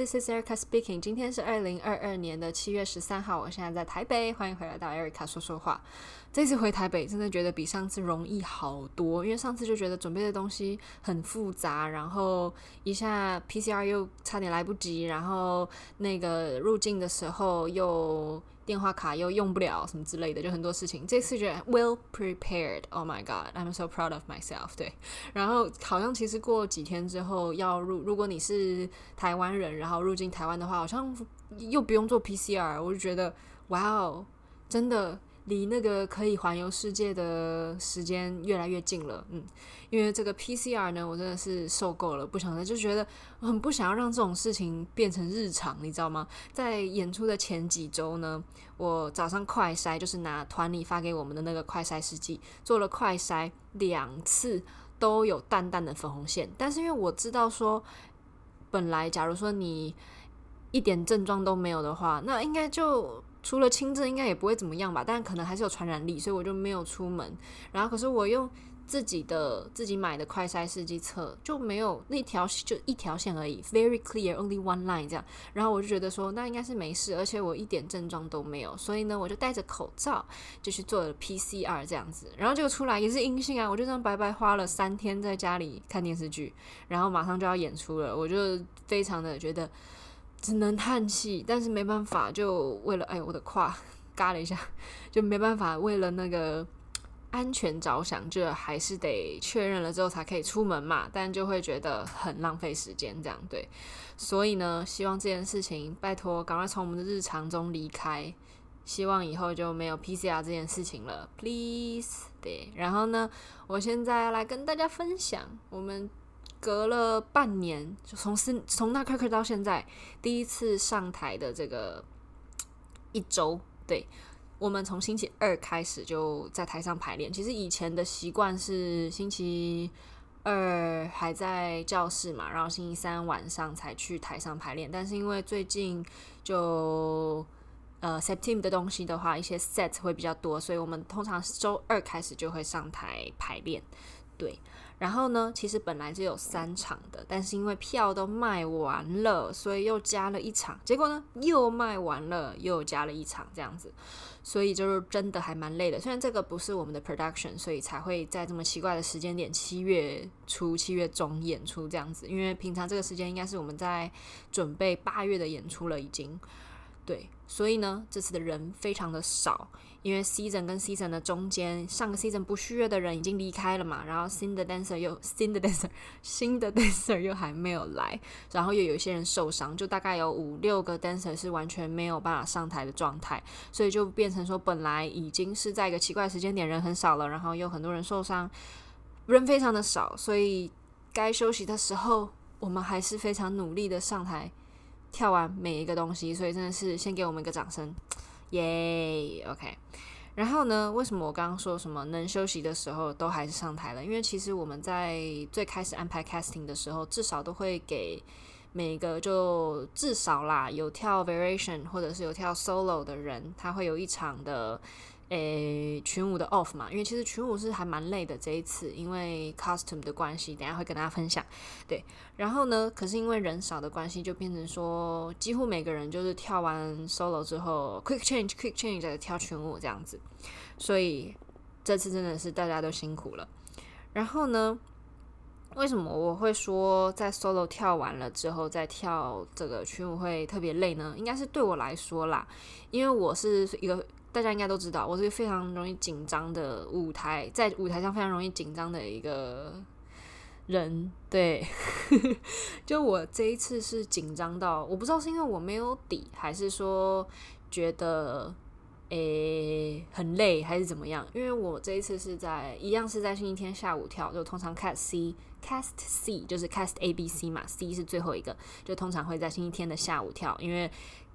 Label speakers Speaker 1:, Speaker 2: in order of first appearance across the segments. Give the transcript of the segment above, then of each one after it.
Speaker 1: This is Erica speaking. 今天是二零二二年的七月十三號，我現在在台北，歡迎回來到 Erica 說說話。這次回台北真的覺得比上次容易好多，因為上次就覺得準備的東西很複雜，然後一下 PCR 又差點來不及，然後那個入境的時候又。電話卡又用不了什麼之類的，就很多事情。這次就 well prepared，Oh my god，I'm so proud of myself。對，然後好像其實過幾天之後要入，如果你是台灣人，然後入境台灣的話，好像又不用做 PCR。我就覺得，哇哦，真的。離那個可以環遊世界的時間越來越近了，嗯，因為這個 PCR 呢，我真的是受夠了，不想再，就覺得我很不想要讓這種事情變成日常，你知道嗎？在演出的前幾週呢，我早上快篩，就是拿團裡發給我們的那個快篩試劑做了快篩，兩次都有淡淡的粉紅線，但是因為我知道說，本來假如說你一點症狀都沒有的話，那應該就。除了輕症，應該也不會怎麼樣吧，但可能還是有傳染力，所以我就沒有出門。然後，可是我用自己的自己買的快篩試劑測，就沒有那條就一條線而已，very clear，only one line 這樣。然後我就覺得說，那應該是沒事，而且我一點症狀都沒有，所以呢，我就戴着口罩就去做了 PCR 這樣子，然後就出來也是陰性啊，我就這樣白白花了三天在家裡看電視劇，然後馬上就要演出了，我就非常的覺得。只能嘆氣，但是沒辦法，就為了哎，我的胯嘎了一下，就沒辦法，為了那個安全着想，就還是得確認了之後才可以出門嘛，但就會覺得很浪費時間，這樣，對。所以呢，希望這件事情拜託趕快從我們的日常中離開，希望以後就沒有 PCR 這件事情了，Please 對。然後呢，我現在來跟大家分享我們。隔了半年，就從從那開開始到現在，第一次上台的這個一周，對，我們從星期二開始就在台上排練。其實以前的習慣是星期二還在教室嘛，然後星期三晚上才去台上排練。但是因為最近就呃 September 的東西的話，一些 set 會比較多，所以我們通常周二開始就會上台排練，對。然後呢，其實本來是有三場的，但是因為票都賣完了，所以又加了一場。結果呢，又賣完了，又加了一場，這樣子，所以就是真的還蠻累的。雖然這個不是我們的 production，所以才會在這麼奇怪的時間點，七月初、七月中演出這樣子。因為平常這個時間應該是我們在準備八月的演出了，已經。對，所以呢，這次的人非常的少，因為 season 跟 season 的中間，上個 season 不續約的人已經離開了嘛，然後新的 dancer 又新的 dancer 新的 dancer 又還沒有來，然後又有一些人受傷，就大概有五六個 dancer 是完全沒有辦法上台的狀態，所以就變成說，本來已經是在一個奇怪時間點，人很少了，然後又很多人受傷，人非常的少，所以該休息的時候，我們還是非常努力的上台。跳完每一個東西，所以真的是先給我們一個掌聲，耶，OK。然後呢，為什麼我剛剛說什麼能休息的時候都還是上台了？因為其實我們在最開始安排 casting 的時候，至少都會給每一個就至少啦有跳 variation 或者是有跳 solo 的人，他會有一場的。誒，群舞的 off 嘛，因為其實群舞是還蠻累的。這一次因為 costume 的關係，等下會跟大家分享。對，然後呢，可是因為人少的關係，就變成說幾乎每個人就是跳完 solo 之後，quick change，quick change 再 change 跳群舞這樣子。所以這次真的是大家都辛苦了。然後呢，為什麼我會說在 solo 跳完了之後再跳這個群舞會特別累呢？應該是對我來說啦，因為我是一個。大家應該都知道，我是一個非常容易緊張的舞台，在舞台上非常容易緊張的一個人。對， 就我這一次是緊張到我不知道是因為我沒有底，還是說覺得誒、欸、很累，還是怎麼樣？因為我這一次是在一樣是在星期天下午跳，就通常 cast C cast C 就是 cast A B C 嘛，C 是最後一個，就通常會在星期天的下午跳，因為。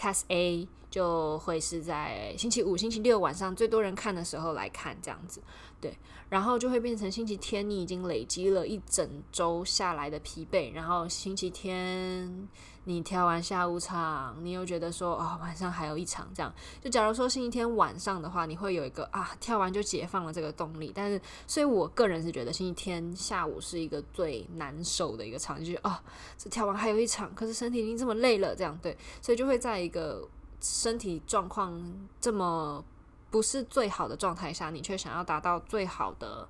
Speaker 1: Cast A 就會是在星期五、星期六晚上最多人看的時候來看，這樣子，對，然後就會變成星期天，你已經累積了一整周下來的疲憊，然後星期天。你跳完下午場，你又覺得說，哦，晚上還有一場，這樣。就假如說星期天晚上的話，你會有一個啊，跳完就解放了這個動力。但是，所以我個人是覺得星期天下午是一個最難受的一個場，就是哦。這跳完還有一場，可是身體已經這麼累了，這樣對，所以就會在一個身體狀況這麼不是最好的狀態下，你卻想要達到最好的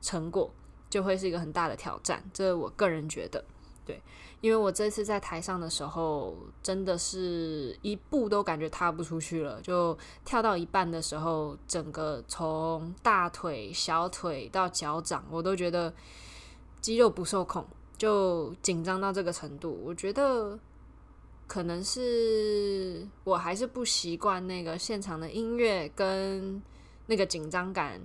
Speaker 1: 成果，就會是一個很大的挑戰，這我個人覺得。對，因為我這次在台上的時候，真的是一步都感覺踏不出去了。就跳到一半的時候，整個從大腿、小腿到腳掌，我都覺得肌肉不受控，就緊張到這個程度。我覺得可能是我還是不習慣那個現場的音樂跟那個緊張感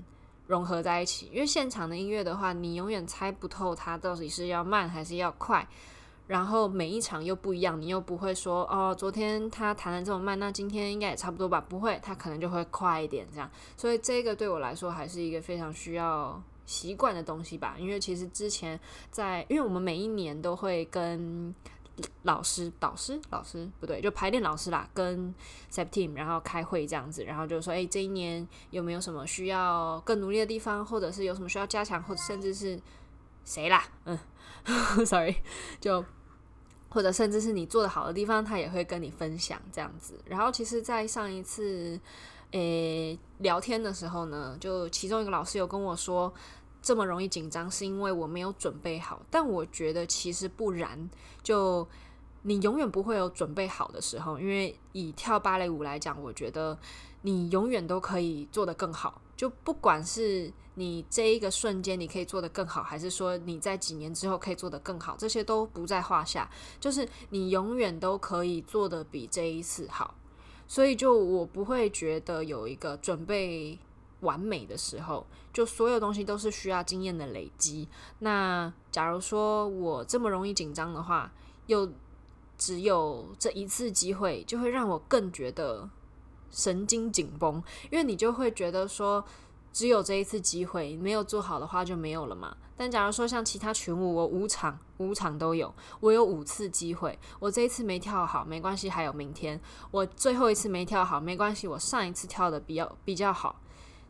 Speaker 1: 融合在一起，因為現場的音樂的話，你永遠猜不透它到底是要慢還是要快，然後每一場又不一樣，你又不會說哦，昨天他彈得這麼慢，那今天應該也差不多吧？不會，他可能就會快一點這樣。所以這個對我來說還是一個非常需要習慣的東西吧，因為其實之前在，因為我們每一年都會跟。老師、導師、老師，老師不對，就排練老師啦，跟 Septim 然後開會這樣子，然後就說，哎、欸，這一年有沒有什麼需要更努力的地方，或者是有什麼需要加強，或者甚至是誰啦，嗯 ，sorry，就或者甚至是你做得好的地方，他也會跟你分享這樣子。然後其實，在上一次誒、欸、聊天的時候呢，就其中一個老師有跟我說。這麼容易緊張，是因為我沒有準備好。但我覺得其實不然，就你永遠不會有準備好的時候。因為以跳芭蕾舞來講，我覺得你永遠都可以做得更好。就不管是你這一個瞬間你可以做得更好，還是說你在幾年之後可以做得更好，這些都不在話下。就是你永遠都可以做得比這一次好。所以就我不會覺得有一個準備。完美的時候，就所有東西都是需要經驗的累積。那假如說我這麼容易緊張的話，又只有這一次機會，就會讓我更覺得神經緊繃。因為你就會覺得說，只有這一次機會，沒有做好的話就沒有了嘛。但假如說像其他群舞，我五場，五場都有，我有五次機會，我這一次沒跳好，沒關係，還有明天。我最後一次沒跳好，沒關係，我上一次跳得比較，比較好。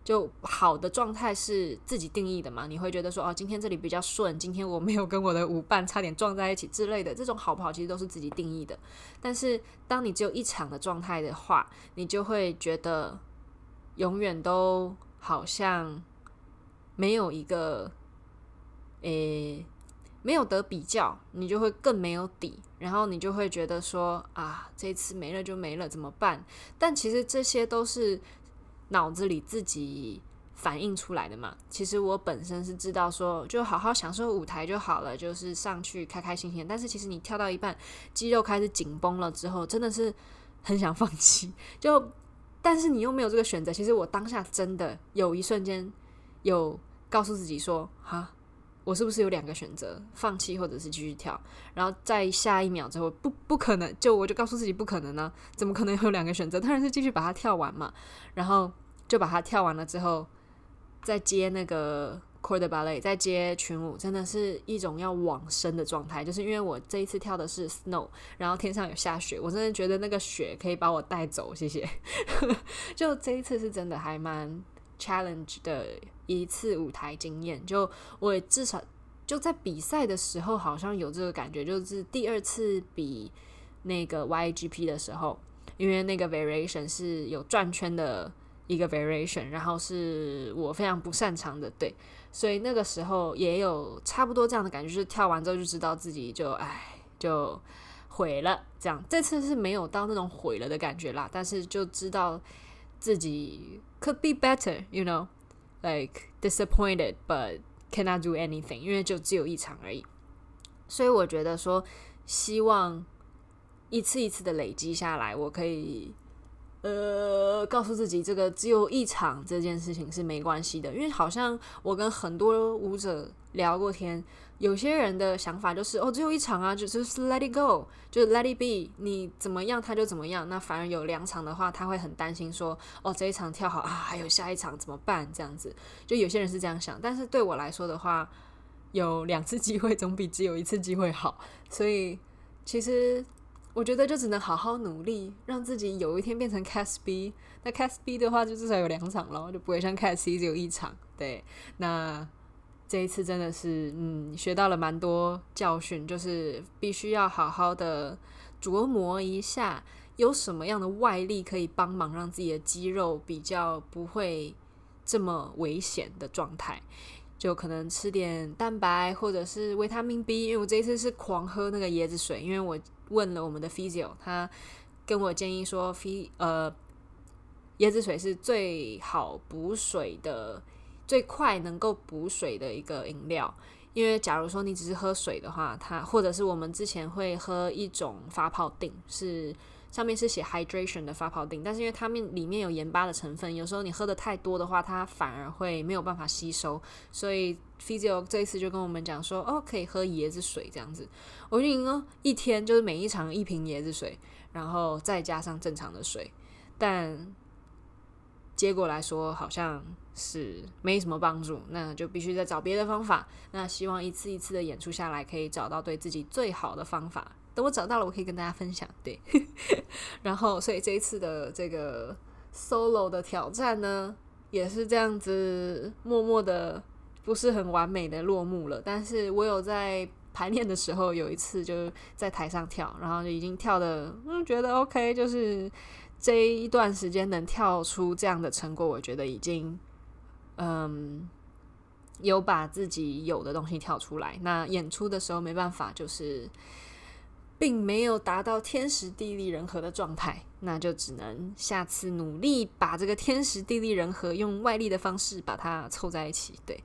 Speaker 1: 就好的狀態是自己定義的嘛？你會覺得說，哦，今天這裡比較順，今天我沒有跟我的舞伴差點撞在一起之類的，這種好不好？其實都是自己定義的。但是當你只有一場的狀態的話，你就會覺得永遠都好像沒有一個，誒，沒有得比較，你就會更沒有底，然後你就會覺得說，啊，這次沒了就沒了，怎麼辦？但其實這些都是。腦子裡自己反映出來的嘛，其實我本身是知道說，就好好享受舞台就好了，就是上去開開心心。但是其實你跳到一半，肌肉開始緊繃了之後，真的是很想放棄。就，但是你又沒有這個選擇。其實我當下真的有一瞬間，有告訴自己說，哈。我是不是有兩個選擇，放棄或者是繼續跳？然後在下一秒之後不，不不可能，就我就告訴自己不可能呢、啊？怎麼可能有兩個選擇？當然是繼續把它跳完嘛。然後就把它跳完了之後，再接那個 corps de ballet，再接群舞，真的是一種要往生的狀態。就是因為我這一次跳的是 snow，然後天上有下雪，我真的覺得那個雪可以把我帶走。謝謝。 就這一次是真的還蠻。Challenge 的一次舞台經驗，就我至少就在比賽的時候，好像有這個感覺，就是第二次比那個 YGP 的時候，因為那個 variation 是有轉圈的一個 variation，然後是我非常不擅長的，對，所以那個時候也有差不多這樣的感覺，就是跳完之後就知道自己就唉就毀了這樣。這次是沒有到那種毀了的感覺啦，但是就知道。自己 could be better, you know, like disappointed, but cannot do anything, 因為就只有一場而已。所以我覺得說，希望一次一次的累積下來，我可以呃告訴自己，這個只有一場這件事情是沒關係的，因為好像我跟很多舞者聊過天。有些人的想法就是哦，只有一場啊，就是 let it go，就是 let it be，你怎麼樣他就怎麼樣。那反而有兩場的話，他會很擔心說哦，這一場跳好啊，還有下一場怎麼辦？這樣子，就有些人是這樣想。但是對我來說的話，有兩次機會總比只有一次機會好。所以其實我覺得就只能好好努力，讓自己有一天變成 Cast B。那 Cast B 的話就至少有兩場嘍，就不會像 Cast C 只有一場。對，那。這一次真的是，嗯，學到了蠻多教訓，就是必須要好好的琢磨一下，有什麼樣的外力可以幫忙，讓自己的肌肉比較不會這麼危險的狀態。就可能吃點蛋白，或者是維他命 B，因為我這一次是狂喝那個椰子水，因為我問了我們的 physio，他跟我建議說 phy 呃椰子水是最好補水的。最快能夠補水的一個飲料，因為假如說你只是喝水的話，它或者是我們之前會喝一種發泡錠，是上面是寫 hydration 的發泡錠，但是因為它面裡面有鹽巴的成分，有時候你喝的太多的話，它反而會沒有辦法吸收，所以 physio 這一次就跟我們講說，哦，可以喝椰子水這樣子，我就贏了。一天就是每一場一瓶椰子水，然後再加上正常的水，但。結果來說，好像是沒什麼幫助，那就必須再找別的方法。那希望一次一次的演出下來，可以找到對自己最好的方法。等我找到了，我可以跟大家分享。對， 然後所以這一次的這個 solo 的挑戰呢，也是這樣子默默的，不是很完美的落幕了。但是我有在排練的時候，有一次就在台上跳，然後就已經跳的，嗯，覺得 OK，就是。這一段時間能跳出這樣的成果，我覺得已經，嗯，有把自己有的東西跳出來。那演出的時候沒辦法，就是並沒有達到天時地利人和的狀態，那就只能下次努力把這個天時地利人和用外力的方式把它湊在一起。對，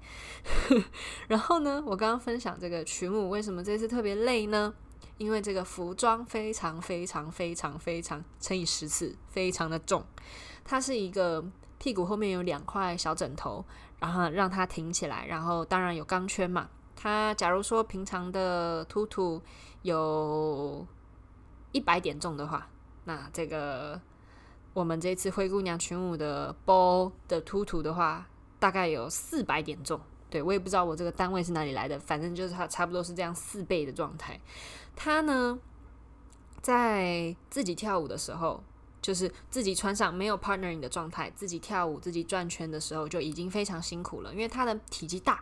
Speaker 1: 然後呢，我剛剛分享這個曲目，為什麼這次特別累呢？因為這個服裝非常非常非常非常乘以十次，非常的重。它是一個屁股後面有兩塊小枕頭，然後讓它挺起來，然後當然有鋼圈嘛。它假如說平常的 tutu 有一百點重的話，那這個我們這次灰姑娘群舞的包的 tutu 的話，大概有四百點重。對，我也不知道我這個單位是哪裡來的，反正就是它差不多是這樣四倍的狀態。他呢，在自己跳舞的時候，就是自己穿上沒有 partnering 的狀態，自己跳舞自己轉圈的時候就已經非常辛苦了，因為它的體積大，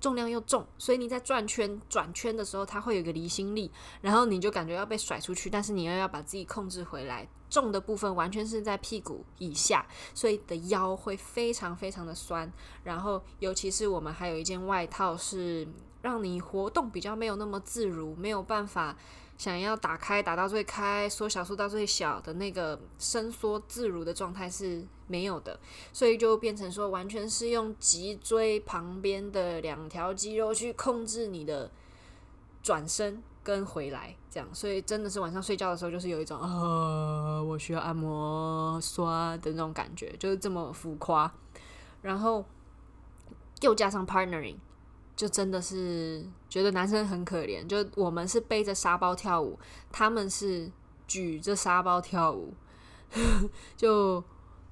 Speaker 1: 重量又重，所以你在轉圈轉圈的時候，它會有一個離心力，然後你就感覺要被甩出去，但是你又要把自己控制回來。重的部分完全是在屁股以下，所以你的腰會非常非常的酸。然後，尤其是我們還有一件外套，是讓你活動比較沒有那麼自如，沒有辦法想要打開打到最開、縮小縮到最小的那個伸縮自如的狀態是沒有的。所以就變成說，完全是用脊椎旁邊的兩條肌肉去控制你的轉身。跟回來這樣，所以真的是晚上睡覺的時候，就是有一種啊、哦，我需要按摩刷的那種感覺，就是這麼浮誇。然後又加上 partnering，就真的是覺得男生很可憐，就我們是背着沙包跳舞，他們是舉着沙包跳舞， 就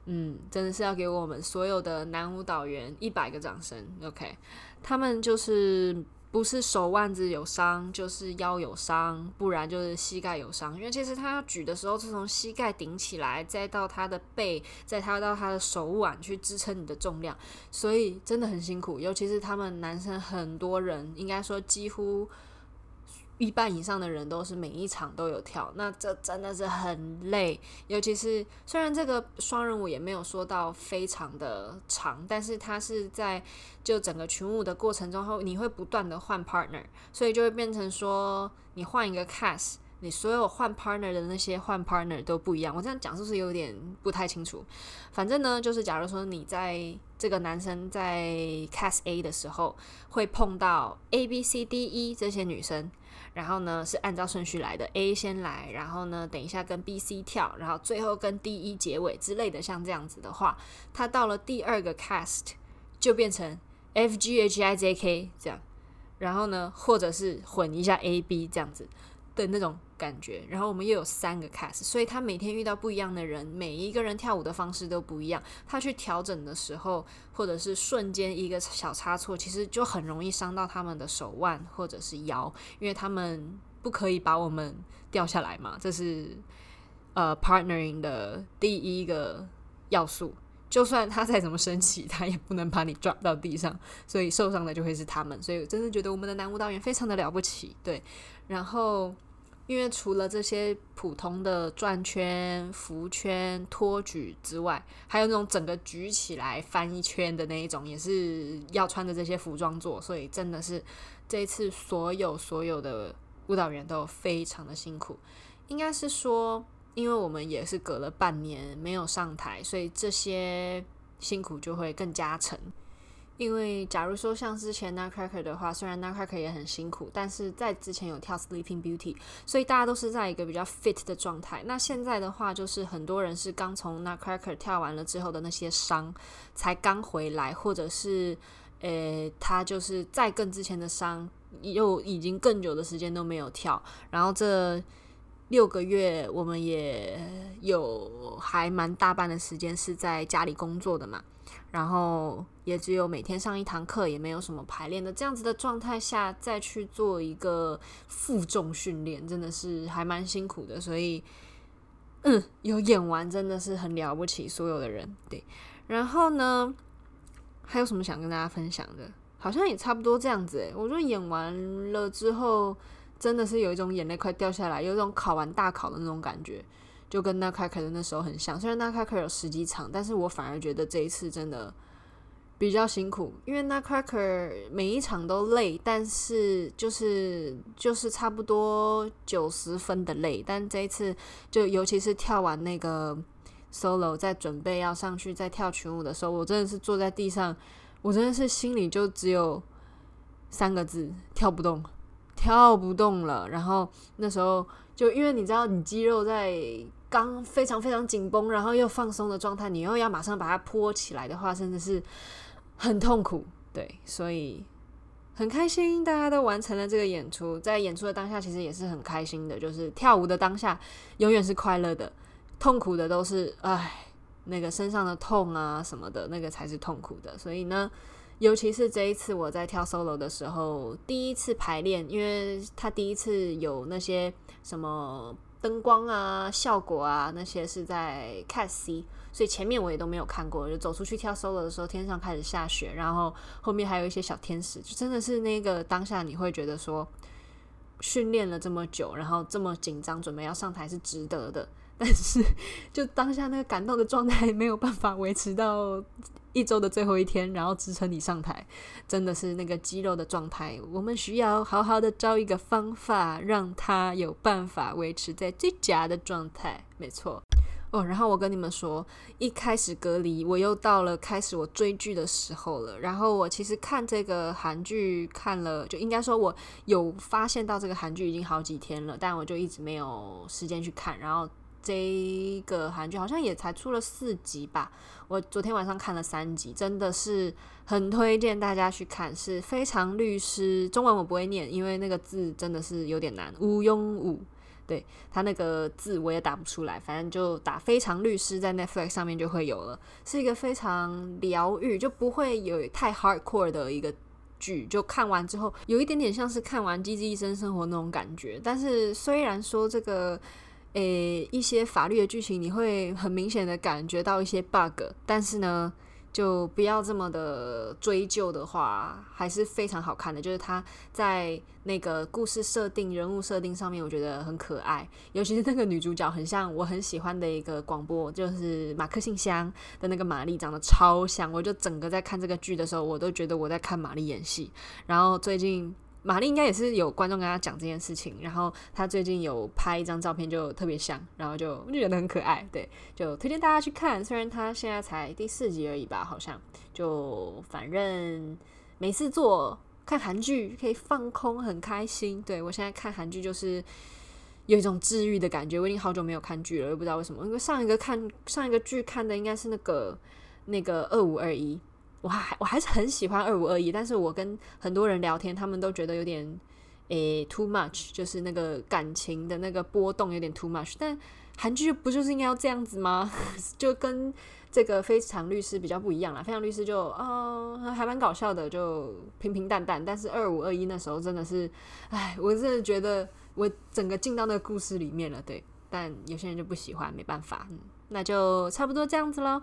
Speaker 1: 嗯，真的是要給我們所有的男舞蹈員一百個掌聲，OK，他們就是。不是手腕子有傷，就是腰有傷，不然就是膝蓋有傷。因為其實他要舉的時候，是從膝蓋頂起來，再到他的背，再他到他的手腕去支撐你的重量，所以真的很辛苦。尤其是他們男生，很多人應該說幾乎。一半以上的人都是每一場都有跳，那這真的是很累，尤其是雖然這個雙人舞也沒有說到非常的長，但是它是在就整個群舞的過程中後，你會不斷的換 partner，所以就會變成說你換一個 cast，你所有換 partner 的那些換 partner 都不一樣。我這樣講是不是有點不太清楚？反正呢，就是假如說你在這個男生在 cast A 的時候，會碰到 A、B、C、D、E 這些女生。然後呢，是按照順序來的，A 先來，然後呢，等一下跟 B、C 跳，然後最後跟 D、E 結尾之類的，像這樣子的話，它到了第二個 cast 就變成 F、G、H、I、J、K 這樣，然後呢，或者是混一下 A、B 這樣子。的那種感覺，然後我們又有三個 cast，所以他每天遇到不一樣的人，每一個人跳舞的方式都不一樣。他去調整的時候，或者是瞬間一個小差錯，其實就很容易傷到他們的手腕或者是腰，因為他們不可以把我們掉下來嘛。這是呃 partnering 的第一個要素，就算他再怎麼生氣，他也不能把你 drop 到地上，所以受傷的就會是他們。所以我真的覺得我們的男舞蹈員非常的了不起。對，然後。因為除了這些普通的轉圈、扶圈、托舉之外，還有那種整個舉起來翻一圈的那一種，也是要穿著這些服裝做，所以真的是這一次所有所有的舞蹈員都非常的辛苦。應該是說，因為我們也是隔了半年沒有上台，所以這些辛苦就會更加成，因為假如說像之前 Nutcracker 的話，雖然 Nutcracker 也很辛苦，但是在之前有跳 Sleeping Beauty，所以大家都是在一個比較 fit 的狀態。那現在的話，就是很多人是剛從 Nutcracker 跳完了之後的那些傷才剛回來，或者是呃，他就是在更之前的傷又已經更久的時間都沒有跳。然後這六個月，我們也有還蠻大半的時間是在家裡工作的嘛，然後。也只有每天上一堂課，也沒有什麼排練的這樣子的狀態下，再去做一個負重訓練，真的是還蠻辛苦的。所以，嗯，有演完真的是很了不起，所有的人。對，然後呢，還有什麼想跟大家分享的？好像也差不多這樣子。欸，我覺得演完了之後，真的是有一種眼淚快掉下來，有一種考完大考的那種感覺，就跟那開課的那時候很像。雖然那開課有十幾場，但是我反而覺得這一次真的。比較辛苦，因為那 cracker 每一場都累，但是就是就是差不多九十分的累。但這一次，就尤其是跳完那個 solo，在準備要上去再跳群舞的時候，我真的是坐在地上，我真的是心裡就只有三個字：跳不動，跳不動了。然後那時候就因為你知道，你肌肉在剛非常非常緊繃，然後又放鬆的狀態，你又要馬上把它潑起來的話，甚至是。很痛苦，對，所以很開心，大家都完成了這個演出。在演出的當下，其實也是很開心的，就是跳舞的當下永遠是快樂的，痛苦的都是唉，那個身上的痛啊什麼的，那個才是痛苦的。所以呢，尤其是這一次我在跳 solo 的時候，第一次排練，因為他第一次有那些什麼。燈光啊，效果啊，那些是在 cast C，所以前面我也都沒有看過。就走出去跳 solo 的時候，天上開始下雪，然後後面還有一些小天使，就真的是那個當下，你會覺得說，訓練了這麼久，然後這麼緊張，準備要上台是值得的。但是，就當下那個感動的狀態，沒有辦法維持到。一周的最後一天，然後支撐你上台，真的是那個肌肉的狀態。我們需要好好的找一個方法，讓它有辦法維持在最佳的狀態。沒錯。哦，然後我跟你們說，一開始隔離，我又到了開始我追劇的時候了。然後我其實看這個韓劇看了，就應該說我有發現到這個韓劇已經好幾天了，但我就一直沒有時間去看。然後。這個韓劇好像也才出了四集吧，我昨天晚上看了三集，真的是很推薦大家去看，是《非常律師》。中文我不會念，因為那個字真的是有點難，禹英禑。對他那個字我也打不出來，反正就打《非常律師》在 Netflix 上面就會有了，是一個非常療癒，就不會有太 hardcore 的一個劇，就看完之後有一點點像是看完《機智醫生生活》那種感覺。但是雖然說這個。誒，一些法律的劇情你會很明顯的感覺到一些 bug，但是呢，就不要這麼的追究的話，還是非常好看的。就是他在那個故事設定、人物設定上面，我覺得很可愛，尤其是那個女主角，很像我很喜歡的一個廣播，就是《馬克信箱》的那個瑪麗，長得超像。我就整個在看這個劇的時候，我都覺得我在看瑪麗演戲。然後最近。瑪麗應該也是有觀眾跟她講這件事情，然後她最近有拍一張照片就特別像，然後就覺得很可愛，對，就推薦大家去看。雖然她現在才第四集而已吧，好像就反正沒事做，看韓劇可以放空，很開心。對，我現在看韓劇就是有一種治癒的感覺，我已經好久沒有看劇了，又不知道為什麼，因為上一個看上一個劇看的應該是那個那個二五二一。我還我還是很喜歡二五二一，但是我跟很多人聊天，他們都覺得有點誒、欸、too much，就是那個感情的那個波動有點 too much。但韓劇不就是應該要這樣子嗎？ 就跟這個非常律師比較不一樣啦，非常律師就啊、哦、還蠻搞笑的，就平平淡淡。但是二五二一那時候真的是，哎，我真的覺得我整個進到那個故事裡面了。對，但有些人就不喜歡，沒辦法，嗯、那就差不多這樣子嘍。